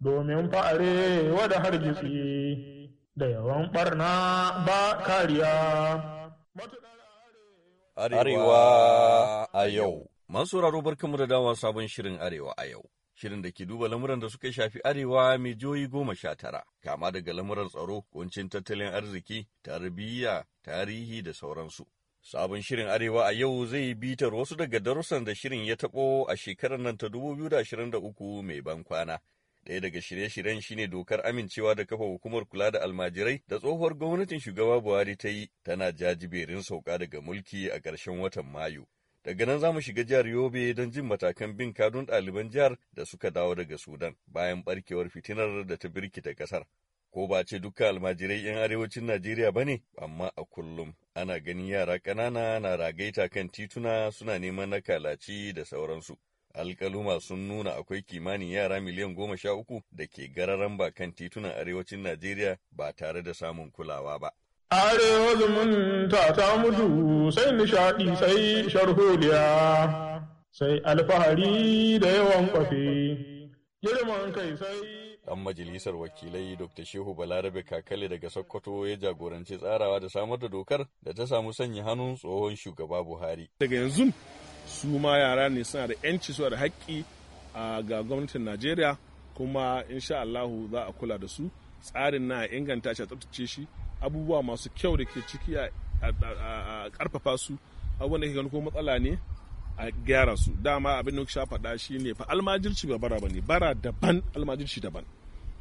domin fa'are wada hargitsi da yawan ɓarna ba kariya. Arewa a yau Masu raro barkanmu da dawa sabon shirin Arewa a yau. Shirin da ke duba lamuran da suka shafi Arewa mai joyi goma sha tara, kama daga lamuran tsaro, kuncin tattalin arziki, tarbiyya, tarihi da sauransu. Sabon shirin Arewa a yau zai bitar wasu daga darussan da shirin ya taɓo a shekarar nan ta 2023 mai ban kwana, Ɗaya daga shirye-shiryen shine dokar amincewa da kafa hukumar kula da almajirai da tsohuwar gwamnatin shugaba Buhari ta yi tana jajiberin sauka daga mulki a ƙarshen watan Mayu. Daga nan za mu shiga jihar Yobe don jin matakan bin kadun ɗaliban jihar da suka dawo daga Sudan bayan ɓarkewar fitinar da ta birkita ƙasar. Ko ba ce duka almajirai 'yan arewacin Najeriya ba ne, amma a kullum ana ganin yara ƙanana na ragaita kan tituna suna neman na kalaci da sauransu. alkaluma sun nuna akwai kimanin yara miliyan goma sha uku da ke gararan ba kan titunan arewacin Najeriya ba tare da samun kulawa ba. Arewa zumunta ta mutu sai nishaɗi sai sharholiya sai alfahari da yawan kwafe, girman kai sai. Ɗan majalisar wakilai Dr. Shehu Balarabe Kakale daga Sokoto ya jagoranci tsarawa da samar da dokar da ta samu sanya hannun tsohon shugaba Buhari. Daga yanzu su ma yara ne suna da 'yanci suna da haƙƙi ga gwamnatin najeriya kuma insha allahu za a kula da su tsarin na inganta shi a tsabtace shi abubuwa masu kyau da ke ciki a karfafa su abubuwan da ke gani ko matsala ne a gyara su dama abin da shafa faɗa shi ne fa almajirci ba bara ba ne bara daban almajirci daban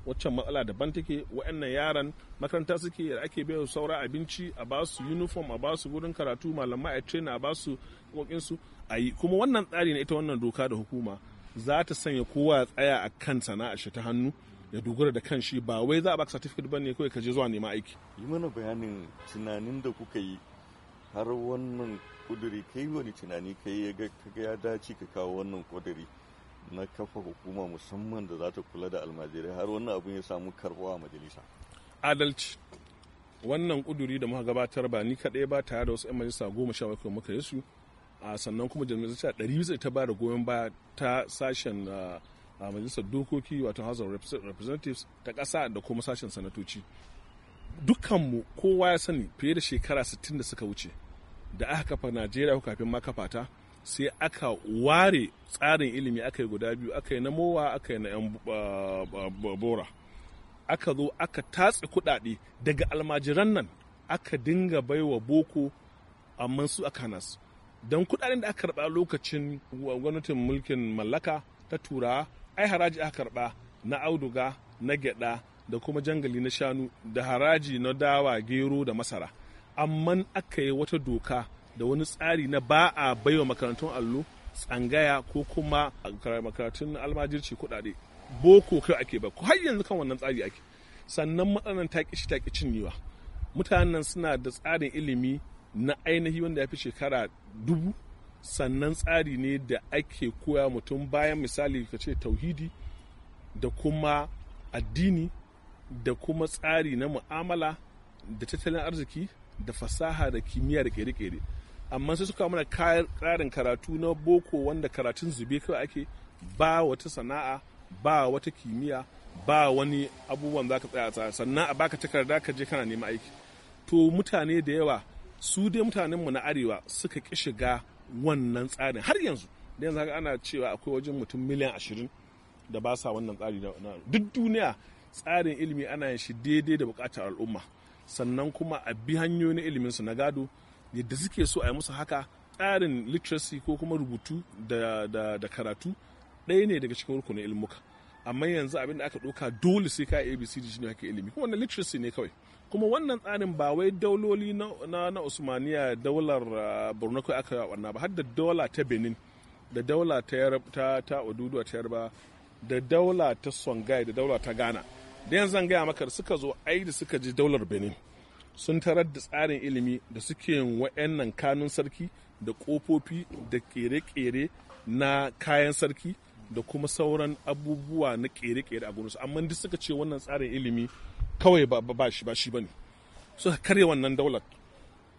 waccan matsala daban take wa'annan yaran makaranta suke da ake bayar saura abinci a ba su uniform a ba su wurin karatu malamai a train a ba su su a kuma wannan tsari na ita wannan doka da hukuma za ta sanya kowa ya tsaya a kan sana'a shi ta hannu ya dogara da kan shi ba wai za a baka certificate ba ne kawai ka je zuwa nema aiki yi mana bayanin tunanin da kuka yi har wannan kuduri kai wani tunani kai ya ga ya dace ka kawo wannan kuduri na kafa hukuma musamman da za ta kula da almajirai har wannan abin ya samu karbuwa a majalisa adalci wannan kuduri da muka gabatar ba ni kaɗai ba tare da wasu 'yan majalisa goma sha bakwai muka yi su a sannan kuma majalisa ɗari bisa ta ba da goyon baya ta sashen majalisar dokoki wato house of representatives ta kasa da kuma sashen sanatoci dukkanmu kowa ya sani fiye da shekara 60 da suka wuce da aka kafa najeriya ko kafin ma kafa ta sai aka ware tsarin ilimi aka yi guda biyu aka yi na mowa aka yi na 'yan bora aka zo aka tatse kudade daga almajiran nan aka dinga baiwa boko amma su a kanas don kudaden da aka karba lokacin gwamnatin mulkin mallaka ta tura ai haraji aka karba na auduga na gyada da kuma jangali na shanu da haraji na dawa gero da masara amma aka yi wata doka da wani tsari na ba a baiwa makarantun allo tsangaya ko kuma makarantun almajirci kuɗaɗe boko kai ake ba har yanzu kan wannan tsari ake sannan matsalan ta kishi ta cinyewa mutanen suna da tsarin ilimi na ainihi wanda ya fi shekara dubu sannan tsari ne da ake koya mutum bayan misali ka ce tauhidi da kuma addini da kuma tsari na mu'amala da tattalin arziki da fasaha da kimiyya da kere-kere amma sai suka mana ƙarin karatu na boko wanda karatun zube kawai ake ba wata sana'a ba wata kimiyya ba wani abubuwan za ka tsaya sannan a baka takarda ka je kana nema aiki to mutane da yawa su dai mutanenmu na arewa suka ki shiga wannan tsarin har yanzu da yanzu haka ana cewa akwai wajen mutum miliyan ashirin da ba sa wannan tsari na duk duniya tsarin ilimi ana yin shi daidai da bukatar al'umma sannan kuma a bi hanyoyin ilimin su na gado yadda suke so a yi musu haka tsarin literacy ko kuma rubutu da, da, da karatu ɗaya ne daga cikin rukunin ilmuka amma yanzu abin da aka ɗauka dole sai ka abcd shine haka ilimi kuma wannan literacy ne kawai kuma wannan tsarin ba wai dauloli na, na, na usmaniya daular ah, borno kai aka wannan ba har da daula ta benin da daula ta ta ta oduduwa ta yarba da daula ta songhai da daula ta ghana da yanzu zan gaya maka suka zo ai da suka ji daular benin sun tarar da tsarin ilimi da suke yin wa'annan kanun sarki da ƙofofi da ƙere-ƙere na kayan sarki da kuma sauran abubuwa na ƙere-ƙere a gurinsu amma duk suka ce wannan tsarin ilimi kawai ba shi ba shi bane suka karya wannan daular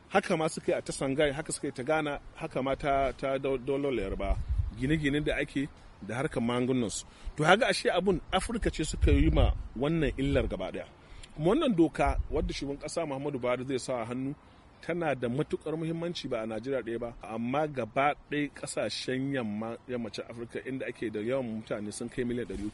haka ma suka yi a ta sangai haka suka yi ta gana haka ma ta daular yarba gine-gine da ake da harkar magungunansu to haka ashe abun afirka ce suka yi ma wannan illar gaba daya kuma wannan doka wadda shugaban kasa muhammadu buhari zai sa a hannu tana da matukar muhimmanci ba a najeriya ɗaya ba amma gaba ɗaya ƙasashen yammacin afirka inda ake da yawan mutane sun kai miliyan 300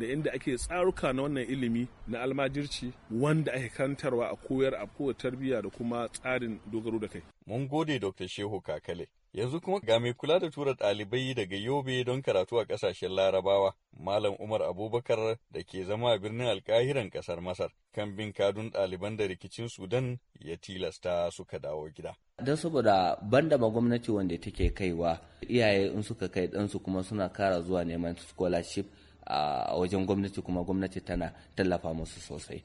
da inda ake tsaruka na wannan ilimi na almajirci wanda ake kantarwa a koyar a kowa tarbiyya da kuma tsarin dogaro da kai. Mun gode Dr. Shehu Kakale. Yanzu kuma ga mai kula da tura ɗalibai daga Yobe don karatu a ƙasashen Larabawa, Malam Umar Abubakar da ke zama a birnin alkahiran ƙasar Masar, kan bin kadun ɗaliban da rikicin Sudan ya tilasta suka dawo gida. Don saboda banda ma gwamnati wanda take kaiwa, iyaye in suka kai ɗansu kuma suna kara zuwa neman scholarship a wajen gwamnati kuma gwamnati tana tallafa musu sosai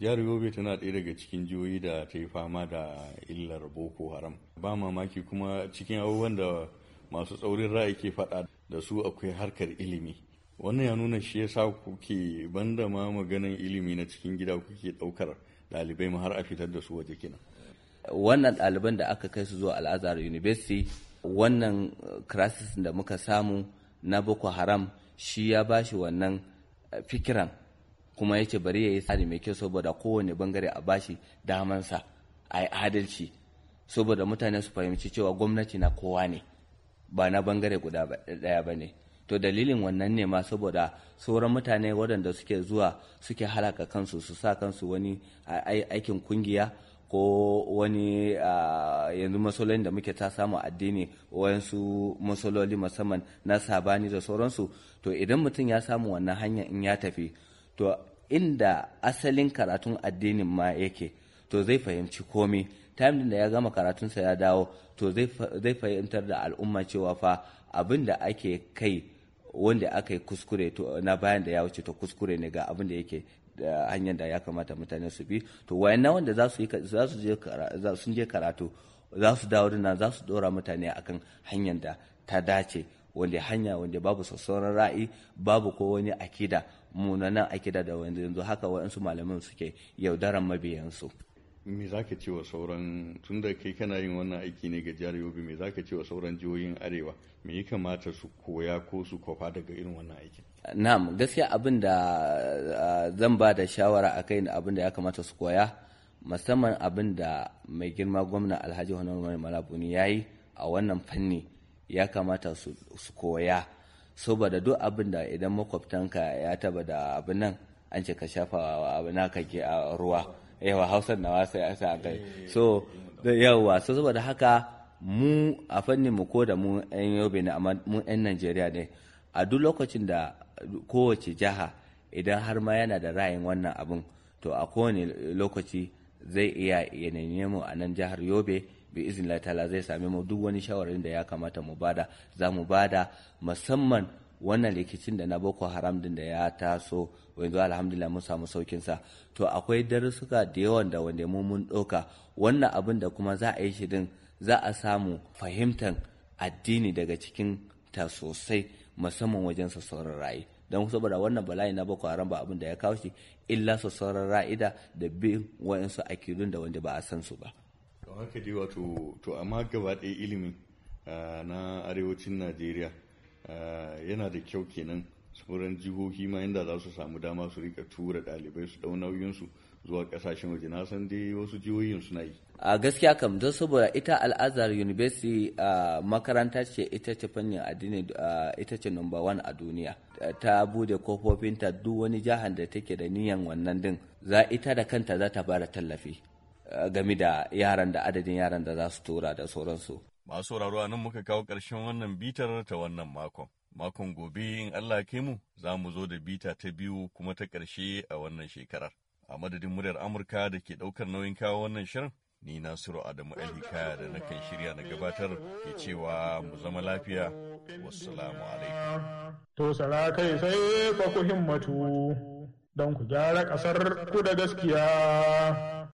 jihar yobe tana ɗaya daga cikin jihohi da ta yi fama da illar boko haram ba mamaki kuma cikin abubuwan da masu tsaurin ra'ayi ke faɗa da su akwai harkar ilimi wannan ya nuna shi yasa kuke banda ma maganan ilimi na cikin gida kuke ɗaukar ɗalibai ma har a fitar da su waje kenan wannan ɗaliban da aka kai su zuwa al'azhar university wannan eh, crisis da muka samu na boko haram shi ya ba shi wannan eh, fikiran kuma yace bari ya yi tsari mai kyau saboda kowane bangare a bashi damansa a yi adalci saboda mutane su fahimci cewa gwamnati na kowa ne ba na bangare guda daya ba ne to dalilin wannan ne ma saboda sauran mutane waɗanda suke zuwa suke halaka kansu su sa kansu wani aikin kungiya ko wani yanzu masololin da muke ta samu addini wayansu masololi musamman na sabani da sauransu to idan mutum ya samu wannan hanya in ya tafi to inda asalin karatun addinin ma yake to zai fahimci komi, time da ya gama karatunsa ya dawo to zai fahimtar da al'umma cewa fa abin da ake kai wanda aka yi kuskure na bayan da ya wuce to kuskure ne ga abin da yake hanyar da ya kamata mutane su bi to wayannan wanda za su je sun je karatu za su dawo da za su dora mutane akan hanyar da ta dace wanda hanya wanda babu sassauran ra'ayi babu ko wani akida munanan akida da wanda yanzu haka waɗansu malaman suke yaudaran mabiyansu. me za ka ce wa sauran tun da kai kana yin wannan aiki ne ga jihar yobe me za ka ce wa sauran jihohin arewa me ya kamata su koya ko su kwafa daga irin wannan aiki. na'am gaskiya abin da zan ba da shawara a kai abin da ya kamata su koya musamman abin da mai girma gwamna alhaji honorable malabuni ya yi a wannan fanni ya kamata su koya saboda duk abin da idan makwabtanka ya taba da abin nan an ce ka shafa abin naka ke a ruwa yawa hausar nawa sai a sa kai eh, so yawa so saboda haka mu a fannin mu ko da mu yan yobe ne amma mu yan najeriya ne a duk lokacin da kowace jiha idan har ma yana da ra'ayin wannan abun to a kowane lokaci zai iya yanayin mu a nan jihar yobe bi izin ta'ala zai same mu duk wani shawarin da ya kamata mu bada za mu bada musamman wannan rikicin da na boko haram din da ya taso yanzu alhamdulillah mun samu saukin sa to akwai darussuka da yawan da wanda mu mun ɗauka wannan abin da kuma za a yi shi din za a samu fahimtar addini daga cikin ta sosai musamman wajen sassauran ra'ayi don saboda wannan bala'i na boko haram ba abin da ya kawo shi illa sassauran ra'ida da bin wa'insu akidun da wanda ba a san su ba. to haka dai wato to amma gaba ɗaya ilimi ah, na arewacin najeriya Eh, yana da kyau kenan sauran jihohi ma inda za su samu dama su rika tura ɗalibai su ɗau nauyinsu zuwa kasashen waje na san dai wasu jihohin suna yi. a gaskiya kam don saboda ita al'azar university eh, makaranta ce ita ce fannin addini eh, ita ce number one a duniya ta bude kofofinta duk wani jihar da take da niyan wannan din za ita da kanta za ta bada tallafi game da yaran da adadin yaran da za su tura da sauransu Masu sauraro a nan muka kawo ƙarshen wannan bitar ta wannan makon. Makon gobe in Allah kai mu za mu zo da bita ta biyu kuma ta ƙarshe a wannan shekarar. A madadin muryar Amurka da ke ɗaukar nauyin kawo wannan shirin, ni Nasiru Adamu Alhikaya da na kan shirya na gabatar ke cewa mu zama lafiya. Wassalamu alaikum. To sara sai fa ku himmatu don ku gyara ƙasar ku da gaskiya.